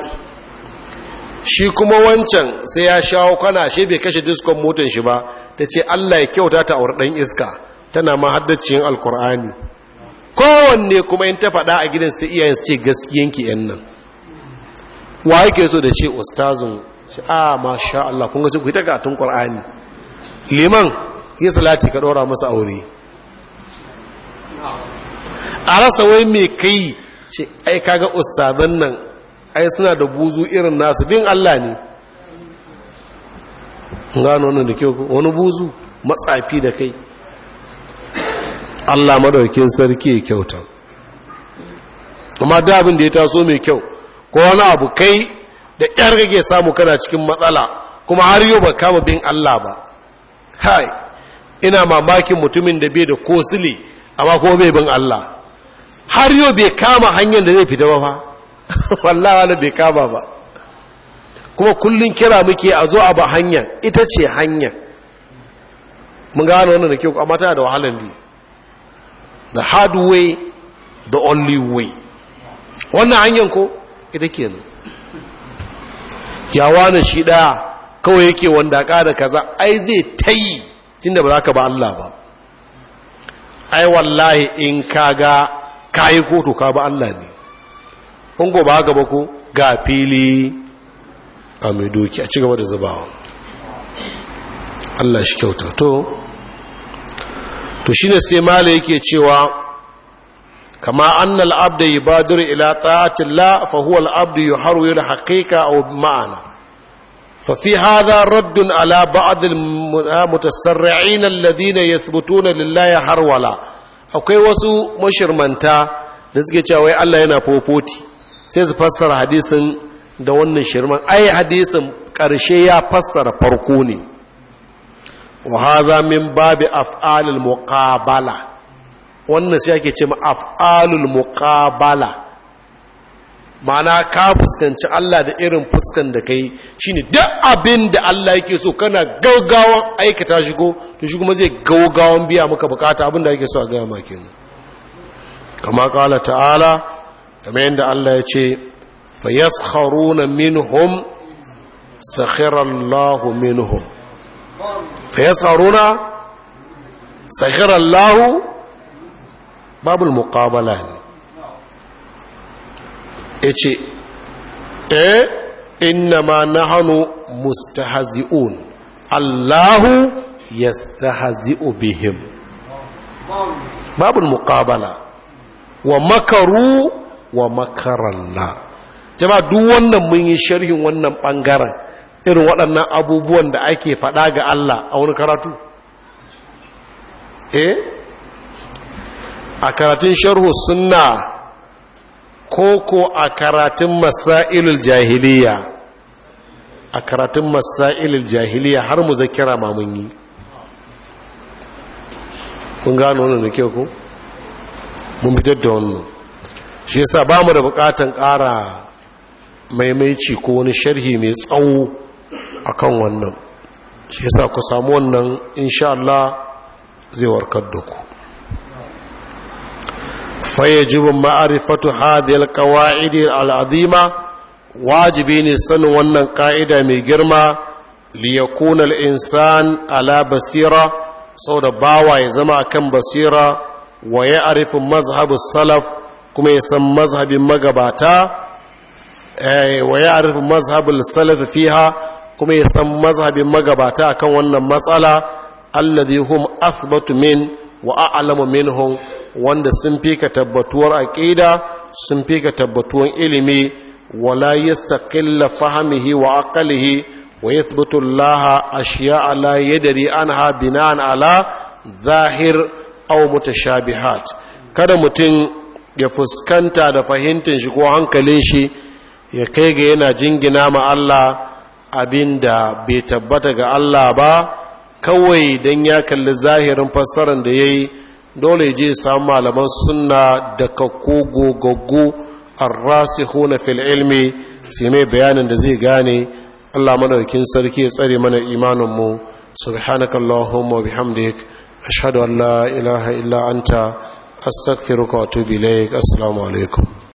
shi kuma wancan sai ya shawo kwana shi bai kashe diskon motar shi ba ta ce allah ya kyauta ta auri ɗan iska tana ma yin alkur'ani kowanne kuma in ta faɗa a gidan sai iyayen ce gaskiyanki yan nan wa yake so da ce ustazun a ah, masha Allah kun ga ku ta gatun liman yi salati ka ɗora masa aure a rasa wai mai kai ce ai kaga ustazan nan ai suna da buzu irin nasu bin Allah ne gano wannan da ke wani buzu matsafi da kai Allah madaukin sarki ya kyauta amma da abin da ya taso mai kyau ko wani abu kai da ƙyar kake samu kana cikin matsala kuma har yau ba kama bin Allah ba kai ina mamakin mutumin da bai da kosili. amma ko bai bin Allah har yau bai kama hanyar da zai fita ba fa wallahi wala bai kama ba kuma kullum kira muke a zo a ba hanyar ita ce hanyar mun gano wannan da kyau amma tana da wahalar ne the hard way the only way wannan hanyar ko ita kenan yawa na shi daya kawai yake wanda da kaza ai zai tayi da ba za ka ba Allah ba ai wallahi in ka ga kaga yi koto ka ba Allah ne in ba ku? ga fili a mai doki a cigaba da zubawa Allah shi kyauta to to shine sai mala yake cewa كما أن العبد يبادر إلى طاعة الله فهو العبد يحرر الحقيقة أو معنى ففي هذا رد على بعض المتسرعين الذين يثبتون لله حرولا akwai wasu mashirmanta da suke cewa wai Allah yana fofoti sai su fassara hadisin da wannan shirman ai hadisin ƙarshe ya fassara farko ne wa hadha min babi af'alul muqabala wannan sai ake cewa af'alul muqabala mana ka fuskanci Allah da irin fuskan da kai shine duk abin da Allah yake so kana gaugawan aikata shi ko to shi kuma zai gaugawan biya maka bukata abin da yake so a gaya maka kenan kama kala ta'ala kamar yadda Allah ya ce fayaskharuna minhum sakhira Allah minhum fayaskharuna sakhira Allah babul muqabala ne ya ce eh inna ma na hannu mustahazi'un allahu yastahazi'u bihim babul mukabala wa makaru wa makaralla Jam'a duk wannan mun yi sharhin wannan bangaren irin waɗannan abubuwan da ake faɗa ga Allah a wani karatu eh a karatun sharhu sunna koko a karatun masailul jahiliya a karatun masailul jahiliya har mu zakira ma mun yi kun gano wani da kyau mun fitar da wannan shi yasa ba mu da bukatan ƙara maimaici ko wani sharhi mai tsawo a kan wannan shi yasa ku samu wannan insha Allah zai warkar da ku fayajibu ma'arifatu hadhihi alqawaid alazima wajibi ne sanin wannan ka'ida mai girma liyakuna insan ala basira saboda bawa ya zama akan basira wa ya arifin mazhabin salaf kuma ya san mazhabin magabata wa ya arifin mazhabin salaf fiha kuma ya san mazhabin magabata akan wannan matsala alladhi hum athbatu min wa a'lamu minhum wanda sun fi ka tabbatuwar aƙida sun fi ka tabbatuwar ilimi wala yastaqilla fahmihi wa aqlihi wa yathbutu Allah ashiya'a la yadri anha bina'an ala zahir aw mutashabihat kada mutum ya fuskanta da fahimtar shi ko hankalin shi ya kai ga yana jingina ma Allah abin da bai tabbata ga Allah ba kawai dan ya kalli zahirin fassarar da yayi dole je samu malaman suna da kakko a arrasihuna fil ilmi sai mai bayanin da zai gane Allah manaukin sarki ya tsare mana imanin mu subhanakallahumma bihamdik ashhadu an la ilaha illa anta astaghfiruka wa atubu ilaik assalamu alaikum